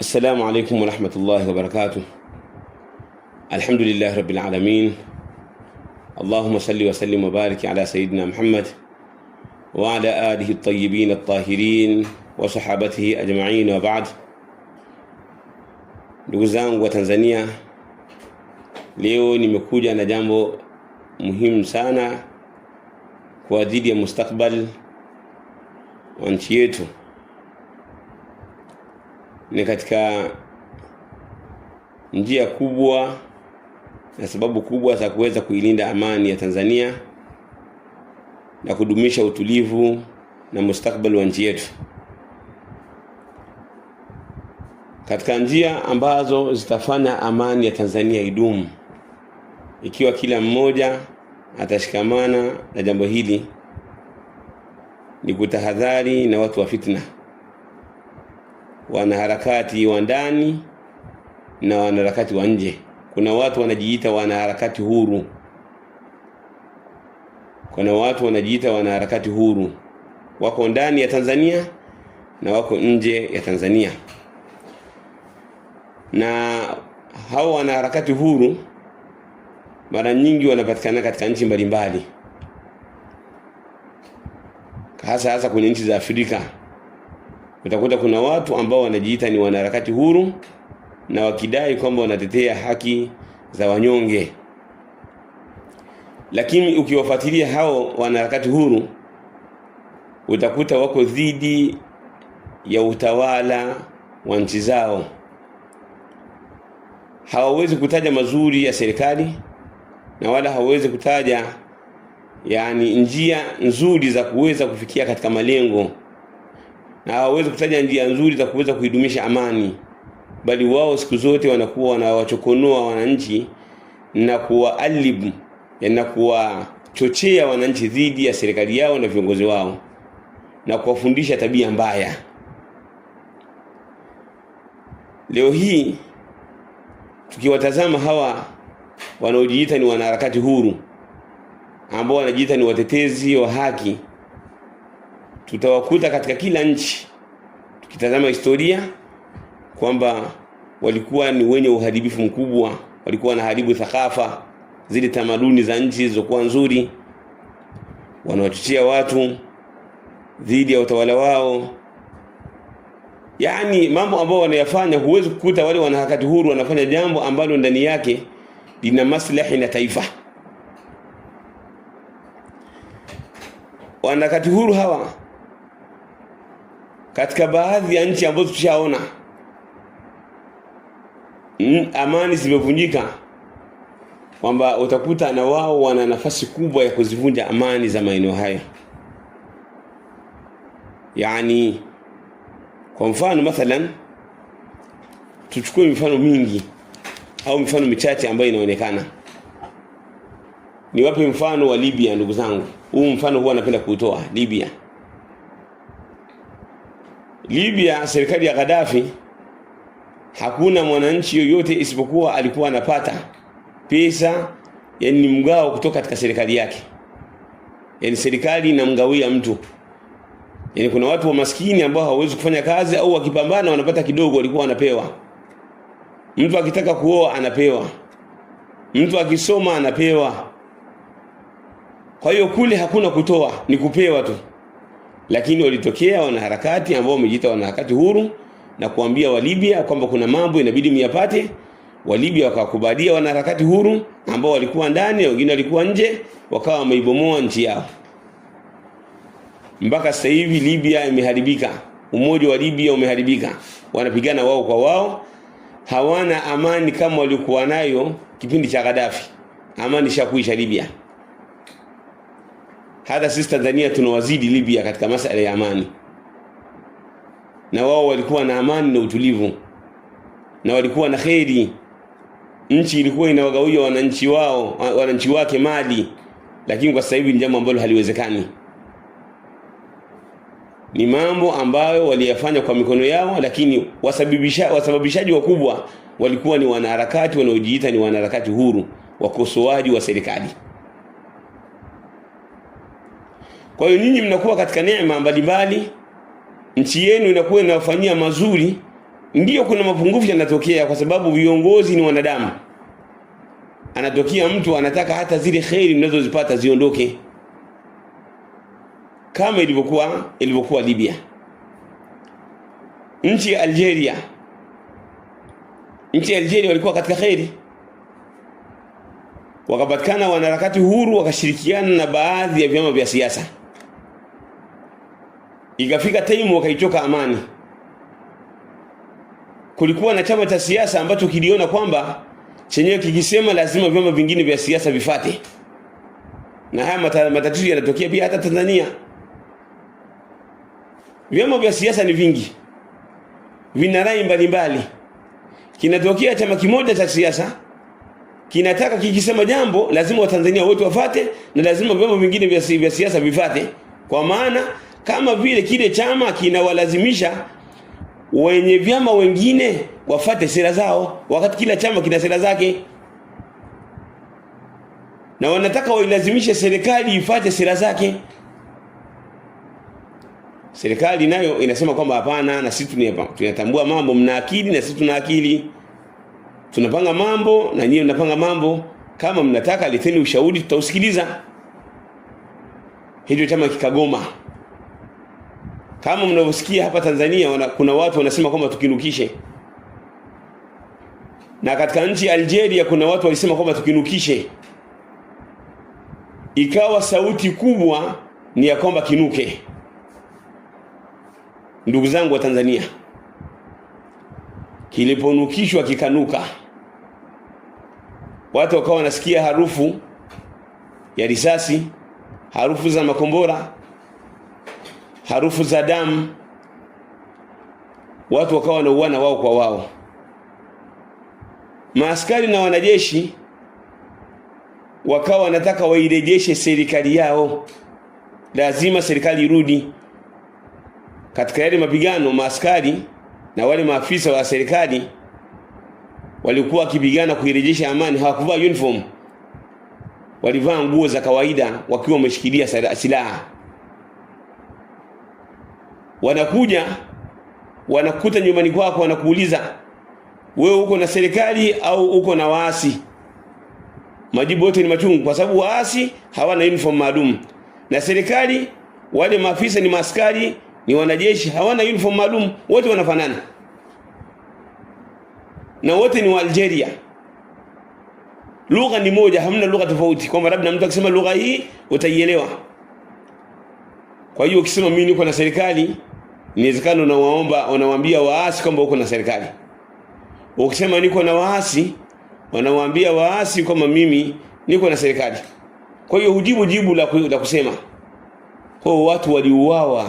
السلام عليكم ورحمة الله وبركاته الحمد لله رب العالمين اللهم صل وسلم وبارك على سيدنا محمد وعلى آله الطيبين الطاهرين وصحابته أجمعين وبعد لغزان وتنزانيا ليو نمكوجا نجامو مهم سانا jambo مستقبل sana ni katika njia kubwa na sababu kubwa za kuweza kuilinda amani ya Tanzania na kudumisha utulivu na mustakabali wa nchi yetu. Katika njia ambazo zitafanya amani ya Tanzania idumu, ikiwa kila mmoja atashikamana na jambo hili, ni kutahadhari na watu wa fitna wanaharakati wa ndani na wanaharakati wa nje. Kuna watu wanajiita wanaharakati huru, kuna watu wanajiita wanaharakati huru, wako ndani ya Tanzania na wako nje ya Tanzania. Na hao wanaharakati huru mara nyingi wanapatikana katika nchi mbalimbali, hasa hasa kwenye nchi za Afrika. Utakuta kuna watu ambao wanajiita ni wanaharakati huru na wakidai kwamba wanatetea haki za wanyonge, lakini ukiwafuatilia hao wanaharakati huru utakuta wako dhidi ya utawala wa nchi zao. Hawawezi kutaja mazuri ya serikali na wala hawawezi kutaja yani njia nzuri za kuweza kufikia katika malengo na hawawezi kutaja njia nzuri za kuweza kuidumisha amani, bali wao siku zote wanakuwa wanawachokonoa wananchi na kuwaalibu na kuwachochea wananchi dhidi ya serikali yao na viongozi wao na kuwafundisha tabia mbaya. Leo hii tukiwatazama hawa wanaojiita ni wanaharakati huru ambao wanajiita ni watetezi wa haki tutawakuta katika kila nchi, tukitazama historia kwamba walikuwa ni wenye uharibifu mkubwa, walikuwa wanaharibu thakafa zile tamaduni za nchi zilizokuwa nzuri, wanawachochea watu dhidi ya utawala wao. Yaani mambo ambayo wanayafanya, huwezi kukuta wale wanaharakati huru wanafanya jambo ambalo ndani yake lina maslahi na taifa. Wanaharakati huru hawa katika baadhi ya nchi ambazo tushaona mm, amani zimevunjika, kwamba utakuta na wao wana nafasi kubwa ya kuzivunja amani za maeneo hayo. Yani kwa mfano mathalan, tuchukue mifano mingi au mifano michache ambayo inaonekana. ni wape mfano wa Libya, ndugu zangu. Huu mfano huwa napenda kuutoa Libya. Libya, serikali ya Gaddafi, hakuna mwananchi yoyote isipokuwa alikuwa anapata pesa, yani ni mgao kutoka katika serikali yake, yani serikali inamgawia mtu. Yani kuna watu wa maskini ambao hawawezi kufanya kazi au wakipambana wanapata kidogo, walikuwa wanapewa. Mtu akitaka kuoa anapewa, mtu akisoma anapewa. Kwa hiyo kule hakuna kutoa, ni kupewa tu lakini walitokea wanaharakati ambao wamejiita wanaharakati huru na kuambia walibia kwamba kuna mambo inabidi myapate. Walibya wakawakubalia wanaharakati huru ambao walikuwa ndani na wengine walikuwa nje, wakawa wameibomoa nchi yao. Mpaka sasa hivi Libya imeharibika, umoja wa Libya umeharibika, wanapigana wao kwa wao, hawana amani kama walikuwa nayo kipindi cha Gaddafi. Amani shakuisha Libya hata sisi Tanzania tunawazidi Libya katika masala ya amani, na wao walikuwa na amani na utulivu na walikuwa na kheri. Nchi ilikuwa inawagawia wananchi wao wananchi wake mali, lakini kwa sasa hivi ni jambo ambalo haliwezekani. Ni mambo ambayo waliyafanya kwa mikono yao, lakini wasababisha, wasababishaji wakubwa walikuwa ni wanaharakati wanaojiita ni wanaharakati huru, wakosoaji wa serikali. Kwa hiyo nyinyi mnakuwa katika neema mbalimbali, nchi yenu inakuwa inawafanyia mazuri. Ndiyo, kuna mapungufu yanatokea kwa sababu viongozi ni wanadamu. Anatokea mtu anataka hata zile kheri mnazozipata ziondoke, kama ilivyokuwa ilivyokuwa Libya, nchi ya Algeria. Nchi ya Algeria walikuwa katika kheri, wakapatikana wanaharakati huru, wakashirikiana na baadhi ya vyama vya siasa Ikafika taimu wakaichoka amani. Kulikuwa na chama cha siasa ambacho kiliona kwamba chenyewe kikisema lazima vyama vingine vya siasa vifate, na haya matatizo yanatokea pia hata Tanzania. Vyama vya siasa ni vingi, vina rai mbalimbali. Kinatokea chama kimoja cha siasa kinataka kikisema jambo lazima Watanzania wote wafate, na lazima vyama vingine vya siasa vifate, kwa maana kama vile kile chama kinawalazimisha wenye vyama wengine wafate sera zao, wakati kila chama kina sera zake, na wanataka wailazimishe serikali ifate sera zake. Serikali nayo inasema kwamba hapana, na sisi tunatambua mambo, mna akili na sisi tuna akili, tunapanga mambo na nyinyi mnapanga mambo. Kama mnataka leteni ushauri, tutausikiliza. Hicho chama kikagoma. Kama mnavyosikia hapa Tanzania wana, kuna watu wanasema kwamba tukinukishe, na katika nchi ya Algeria kuna watu walisema kwamba tukinukishe, ikawa sauti kubwa ni ya kwamba kinuke. Ndugu zangu wa Tanzania, kiliponukishwa kikanuka, watu wakawa wanasikia harufu ya risasi, harufu za makombora harufu za damu, watu wakawa wanauana wao kwa wao. Maaskari na wanajeshi wakawa wanataka wairejeshe serikali yao, lazima serikali irudi katika yale mapigano. Maaskari na wale maafisa wa serikali walikuwa wakipigana kuirejesha amani, hawakuvaa uniform, walivaa nguo za kawaida wakiwa wameshikilia silaha wanakuja wanakuta nyumbani kwako, wanakuuliza wewe uko na serikali au uko na waasi? Majibu yote ni machungu, kwa sababu waasi hawana uniform maalum na serikali, wale maafisa ni maaskari, ni wanajeshi, hawana uniform maalum, wote wanafanana na wote ni wa Algeria. Lugha ni moja, hamna lugha tofauti, kwamba labda mtu akisema lugha hii utaielewa. Kwa hiyo ukisema mimi niko na serikali Inawezekana unawaomba unawaambia waasi kwamba uko na serikali. Ukisema niko na waasi, wanawaambia waasi kwamba mimi niko na serikali. Kwa hiyo hujibu jibu la, la kusema. Kwa oh, watu waliuawa.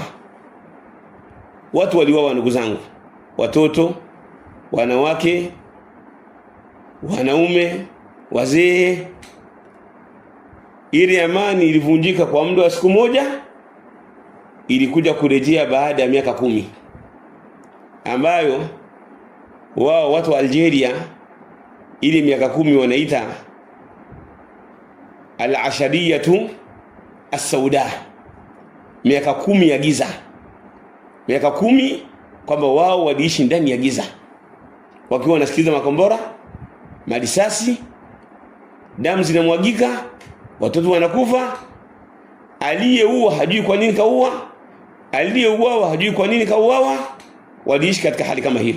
Watu waliuawa ndugu zangu. Watoto, wanawake, wanaume, wazee. Ile amani ilivunjika kwa muda wa siku moja ilikuja kurejea baada ya miaka kumi ambayo wao watu wa Algeria ile miaka kumi wanaita al-ashadiyatu as-sauda, miaka kumi ya giza, miaka kumi kwamba wao waliishi ndani ya giza wakiwa wanasikiliza makombora, marisasi, damu zinamwagika, watoto wanakufa, aliyeua hajui kwa nini kaua aliyeuawa hajui kwa nini kauawa, waliishi katika hali kama hiyo.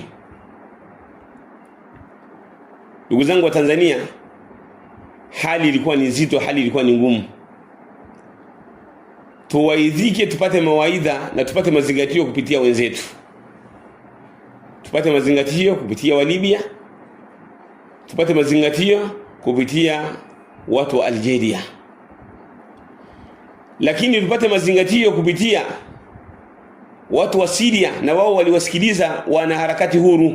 Ndugu zangu wa Tanzania, hali ilikuwa ni nzito, hali ilikuwa ni ngumu. Tuwaidhike, tupate mawaidha na tupate mazingatio kupitia wenzetu, tupate mazingatio kupitia Walibya, tupate mazingatio kupitia watu wa Algeria, lakini tupate mazingatio kupitia watu wa Syria na wao waliwasikiliza wana harakati huru.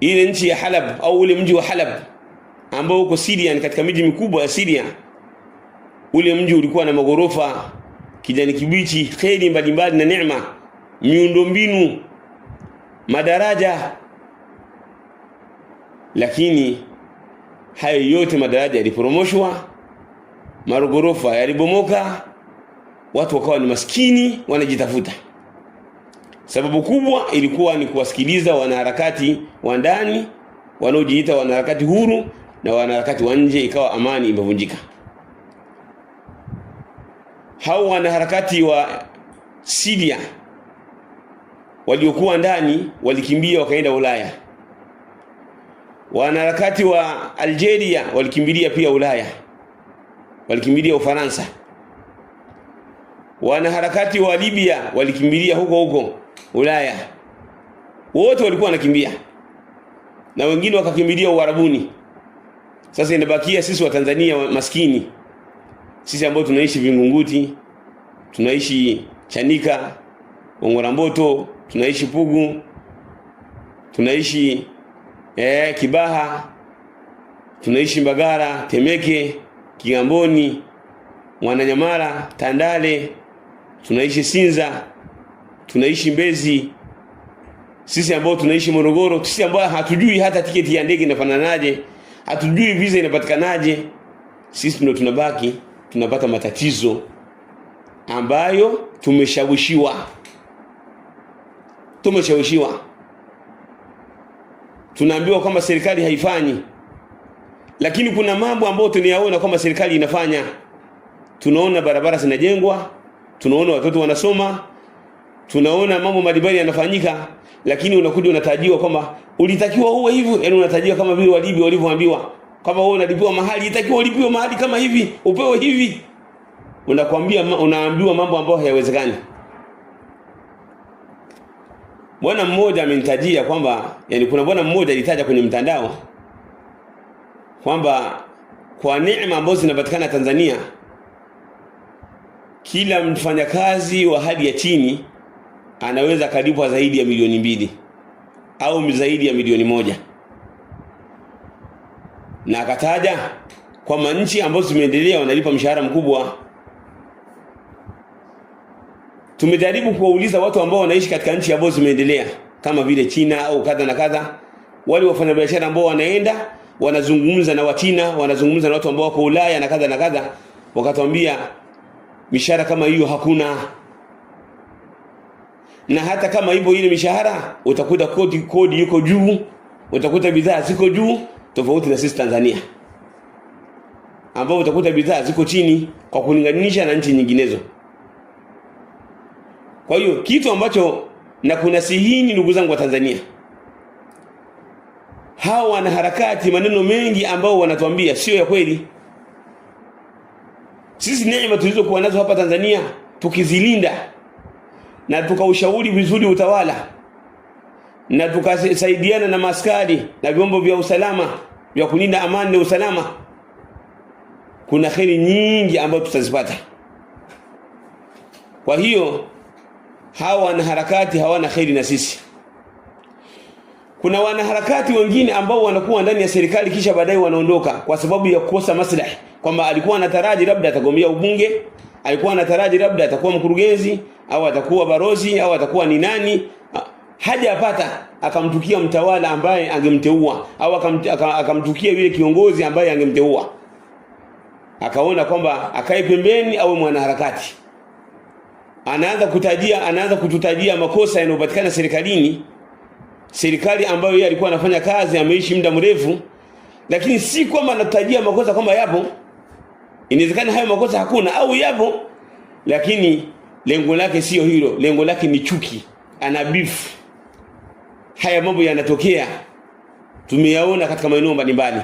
Ile nchi ya Halab au ule mji wa Halab ambao uko Syria, ni katika miji mikubwa ya Syria. Ule mji ulikuwa na magorofa, kijani kibichi, kheri mbalimbali na neema, miundombinu, madaraja. Lakini hayo yote madaraja yalipromoshwa magorofa yalibomoka watu wakawa ni maskini wanajitafuta. Sababu kubwa ilikuwa ni kuwasikiliza wanaharakati wa ndani wanaojiita wanaharakati huru na wanaharakati wa nje, ikawa amani imevunjika. Hao wanaharakati wa Syria waliokuwa ndani walikimbia wakaenda Ulaya. Wanaharakati wa Algeria walikimbilia pia Ulaya, walikimbilia Ufaransa. Wanaharakati wa Libya walikimbilia huko huko Ulaya, wote walikuwa wanakimbia na wengine wakakimbilia Uarabuni. Sasa inabakia sisi wa Tanzania maskini, sisi ambao tunaishi Vingunguti, tunaishi Chanika, Ongoramboto, tunaishi Pugu, tunaishi eh, Kibaha, tunaishi Mbagara, Temeke, Kigamboni, Mwananyamala, Tandale tunaishi Sinza, tunaishi Mbezi, sisi ambao tunaishi Morogoro, sisi ambao hatujui hata tiketi ya ndege inafananaje, hatujui visa inapatikanaje, sisi ndio tunabaki tunapata matatizo ambayo tumeshawishiwa, tumeshawishiwa, tunaambiwa kwamba serikali haifanyi, lakini kuna mambo ambayo tunayaona kwamba serikali inafanya. Tunaona barabara zinajengwa tunaona watoto wanasoma, tunaona mambo mbalimbali yanafanyika, lakini unakuja unatajiwa kwamba ulitakiwa uwe hivyo. Yani unatajiwa kama vile walibi walivyoambiwa kwamba wewe unalipiwa mahali, itakiwa ulipiwe mahali kama hivi, upewe hivi. Unakwambia, unaambiwa mambo ambayo hayawezekani. Bwana mmoja amenitajia kwamba yani, kuna bwana mmoja alitaja kwenye mtandao kwamba kwa neema ambazo zinapatikana Tanzania kila mfanyakazi wa hali ya chini anaweza kalipwa zaidi ya milioni mbili au zaidi ya milioni moja, na akataja kwamba nchi ambazo zimeendelea wanalipa mshahara mkubwa. Tumejaribu kuwauliza watu ambao wanaishi katika nchi ambazo zimeendelea kama vile China au kadha na kadha, wale wafanyabiashara ambao wanaenda wanazungumza na Wachina, wanazungumza na watu ambao wako Ulaya na kadha na kadha, wakatwambia mishahara kama hiyo hakuna, na hata kama ipo ile mishahara utakuta kodi kodi yuko juu, utakuta bidhaa ziko juu, tofauti na sisi Tanzania ambapo utakuta bidhaa ziko chini kwa kulinganisha na nchi nyinginezo. Kwa hiyo kitu ambacho na kuna sihini, ndugu zangu wa Tanzania, hao wanaharakati maneno mengi ambao wanatuambia sio ya kweli. Sisi neema tulizokuwa nazo hapa Tanzania tukizilinda na tukaushauri vizuri utawala na tukasaidiana na maskari na vyombo vya usalama vya kulinda amani na usalama, kuna kheri nyingi ambazo tutazipata. Kwa hiyo hawa wanaharakati hawana kheri na sisi. Kuna wanaharakati wengine ambao wanakuwa ndani ya serikali kisha baadaye wanaondoka kwa sababu ya kukosa maslahi, kwamba alikuwa anataraji labda atagombea ubunge, alikuwa anataraji labda atakuwa mkurugenzi au atakuwa barozi au atakuwa ni nani, ah, hajapata akamtukia mtawala ambaye angemteua au akamtukia yule kiongozi ambaye angemteua, akaona kwamba akae pembeni au mwanaharakati. Anaanza kutajia, anaanza kututajia makosa yanayopatikana serikalini serikali ambayo yeye alikuwa anafanya kazi, ameishi muda mrefu, lakini si kwamba anatajia makosa kwamba yapo. Inawezekana hayo makosa hakuna au yapo, lakini lengo lake sio hilo. Lengo lake ni chuki, ana bifu Haya mambo yanatokea, tumeyaona katika maeneo mbalimbali.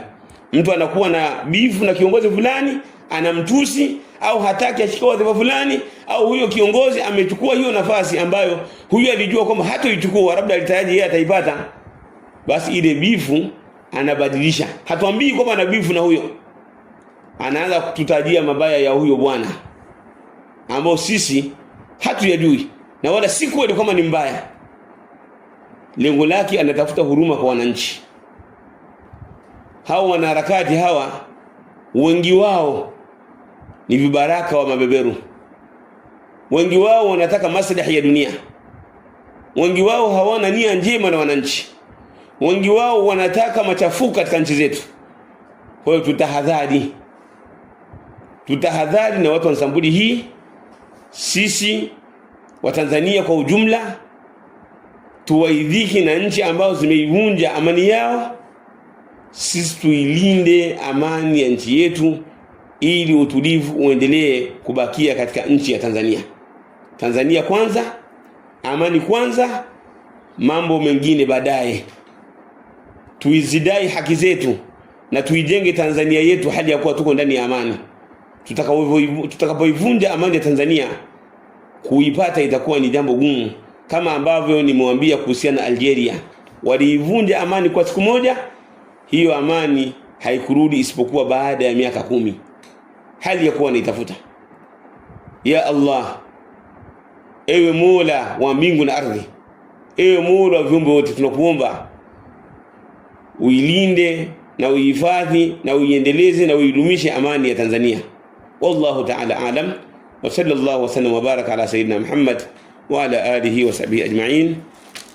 Mtu anakuwa na bifu na kiongozi fulani, anamtusi au hataki ashike wadhifa fulani, au huyo kiongozi amechukua hiyo nafasi ambayo huyo alijua kwamba hatoichukua, labda alitaraji yeye ataipata, basi ile bifu anabadilisha. Hatuambii kwamba ana bifu na huyo, anaanza kututajia mabaya ya huyo bwana ambao sisi hatuyajui na wala si kweli kama ni mbaya. Lengo lake anatafuta huruma kwa wananchi hawa. Wanaharakati hawa wengi wao ni vibaraka wa mabeberu. Wengi wao wanataka maslahi ya dunia, wengi wao hawana nia njema na wananchi, wengi wao wanataka machafuko katika nchi zetu. Kwa hiyo tutahadhari, tutahadhari na watu wa Nsambuli hii. Sisi Watanzania kwa ujumla tuwaidhiki na nchi ambazo zimeivunja amani yao. Sisi tuilinde amani ya nchi yetu ili utulivu uendelee kubakia katika nchi ya Tanzania. Tanzania kwanza, amani kwanza, mambo mengine baadaye. Tuizidai haki zetu na tuijenge Tanzania yetu hali ya kuwa tuko ndani ya amani. Tutakapoivunja amani ya Tanzania, kuipata itakuwa ni jambo gumu, kama ambavyo nimewambia kuhusiana na Algeria. Waliivunja amani kwa siku moja, hiyo amani haikurudi isipokuwa baada ya miaka kumi hali ya kuwa naitafuta. Ya Allah, ewe Mola wa mbingu na ardhi, ewe Mola wa viumbe wote, tunakuomba uilinde na uihifadhi na uiendeleze na uidumishe amani ya Tanzania. Wallahu ta'ala alam wa sallallahu wasallam wabaraka ala sayidina Muhammad wa ala alihi wa sahbihi ajma'in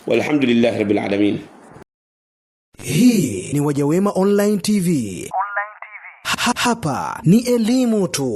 walhamdulillahi rabbil alamin. Hii ni Wajawema Online TV hapa ni elimu tu.